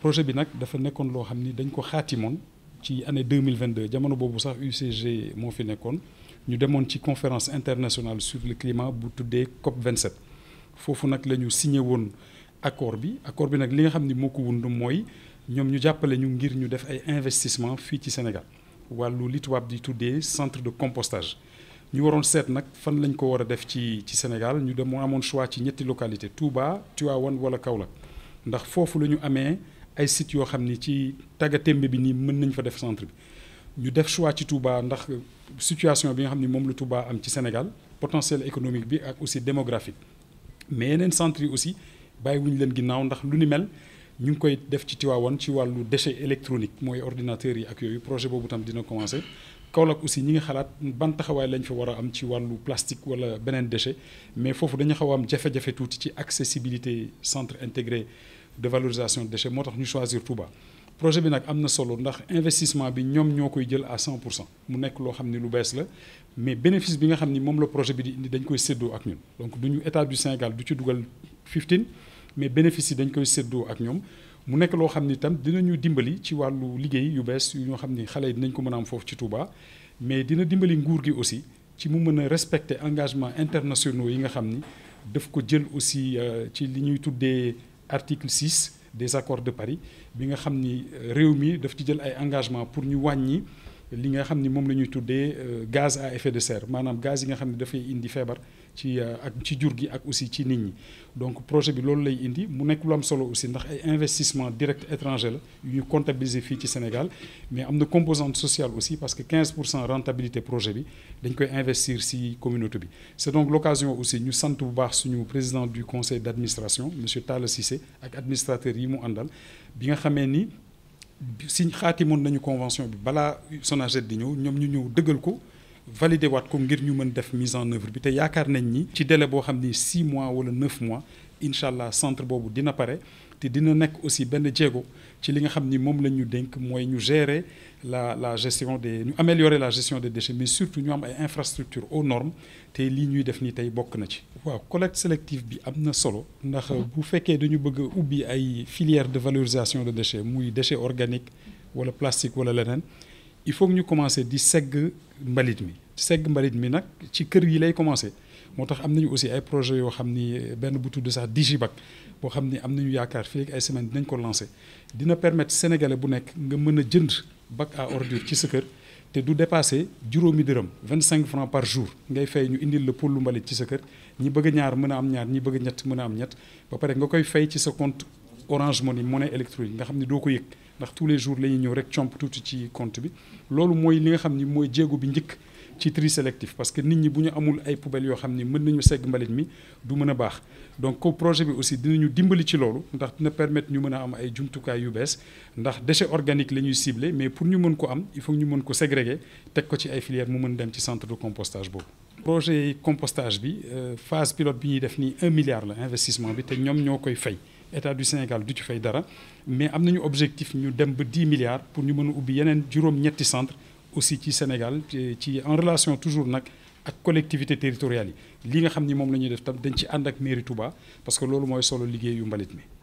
projet bi nag dafa nekkoon loo xam ni dañ ko xaatimoon ci année deux mille vingt deux jamono boobu sax UCG moo fi nekkoon ñu demoon ci conférence internationale sur le climat bu tuddee COP vingt sept foofu nag la ñu signé woon accord bi accord bi nag li nga xam ni moo ko wund mooy ñoom ñu jàppale ñu ngir ñu def ay investissement fii ci Sénégal wàllu li di tuddee centre de compostage. ñu waroon seet nag fan lañ ko war a def ci ci Sénégal ñu dem amoon choix ci ñetti localité Touba Tivaouane wala Kaolack ndax foofu la ñu amee ay sites yoo xam ni ci tàggatémbe bi nii mën nañ fa def centre bi ñu def choix ci Touba ndax situation bi nga xam ni moom la Touba am ci Sénégal potentiel économique bi ak aussi démographique mais yeneen centre yi aussi bàyyiwuñu leen ginnaaw ndax lu ni mel ñu ngi koy def ci Tivaouane ci wàllu déchet électronique mooy ordinateur yi ak yooyu projet boobu tam dina commencé Kaolack aussi ñi ngi xalaat ban taxawaay lañ fa war a am ci wàllu plastique wala beneen déchet mais foofu dañu xaw a am jafe-jafe tuuti ci accessibilité centre intégré de valorisation de déchets moo tax ñu choisir Touba. projet bi nag am na solo ndax investissement bi ñoom ñoo koy jël à 100 pour cent mu nekk loo xam ne lu bees la mais bénéfice bi nga xam ni moom la projet bi di indi dañ koy séddoo ak ñun donc du ñu état du Sénégal du ci dugal 15 mais bénéfice yi dañ koy séddoo ak ñoom. mu nekk loo xam ni itam dinañu dimbali ci wàllu liggéey yu bees yu ñoo xam ni xale yi dinañ ko mën a am foofu ci Touba mais dina dimbali nguur gi aussi ci mu mën a respecter engagement internationaux yi nga xam ni daf ko jël aussi euh, ci li ñuy tuddee article 6 des accords de Paris bi nga xam ni euh, réew mi daf ci jël ay engagement pour ñu wàññi li nga xam ni moom la ñuy tuddee euh, gaz à effet de serre maanaam gaz yi nga xam ne dafay indi feebar ci euh, ak ci jur gi ak aussi ci nit ñi donc projet bi loolu lay indi mu nekk lu am solo aussi ndax ay investissement direct étranger la yu ñu comptabiliser fii ci Sénégal mais am na composante social aussi parce que 15 pour cent rentabilité projet bi dañ koy investir si communauté bi c'est donc l'occasion aussi ñu sant bu baax suñu président du conseil d'administration monsieur Talla Cissé ak administrateur yi mu àndal bi nga xamee ni siñ xaatimoon nañu convention bi balaa SONAGED di ñëw ñoom ñu ñëw dëggal ko validé waat ko ngir ñu mën def mise en œuvre bi te yaakaar nañ ni ci délai boo xam ni 6 mois wala 9 mois incha allah centre boobu dina pare te dina nekk aussi benn jéego ci li nga xam ni moom la ñu dénk mooy ñu gérer la la gestion des ñu améliorer la gestion de déchets mais surtout ñu am ay infrastructures aux normes te lii ñuy def nii tey bokk na ci. waaw collecte sélective bi am na solo. ndax bu fekkee dañu bëgg ubbi ay filières de valorisation de déchets muy déchets organique wala plastique wala leneen il faut que ñu commencer di segg mbalit mi. segg mbalit mi nag ci kër yi lay commencé moo tax am nañu aussi ay projet yoo xam ni euh, benn bu tudd sax digibac boo xam ni am nañu yaakaar fii ay semaine dinañ ko lancé dina permettre sénégalais bu nekk nga mën a jënd bac à ordure ci sa kër te du dépassé juróomi dërëm vingt cinq francs par jour ngay fay ñu indil la pour lu ci sa kër ñi bëgg ñaar mën a am ñaar ñi bëgg ñett mën a am ñett ba pare nga koy fay ci sa compte orange money monnaie électronique nga xam ni doo ko yëg ndax tous les jours lañuy ñëw rek comp tuuti ci compte bi loolu mooy li nga xam ni mooy jéego bi njëkk ci tri sélectif parce que nit ñi bu ñu amul ay poubelles yoo xam ni mën nañu segg mbalit mi du mën a baax donc ko projet bi aussi dinañu dimbali ci loolu ndax dina permettre ñu mën a am ay jumtukaay yu bees ndax déchet organique la ñuy ciblé mais pour ñu mën ko am il faut ñu mën ko ségréguer teg ko ci ay filières mu mën dem ci centre de compostage boobu. projet compostage bi euh, phase pilote bi ñuy def nii un milliard la investissement bi te ñoom ñoo koy fay. état du Sénégal du ci fay dara mais am nañu objectif ñu dem ba dix milliards pour ñu mën a ubbi yeneen juróom-ñetti centre aussi ci Sénégal ci en relation toujours nag ak collectivité territoriale yi li nga xam ni moom la ñuy def tam dañ ci ànd ak mairie Touba parce que loolu mooy solo liggéeyu yu mbalit mi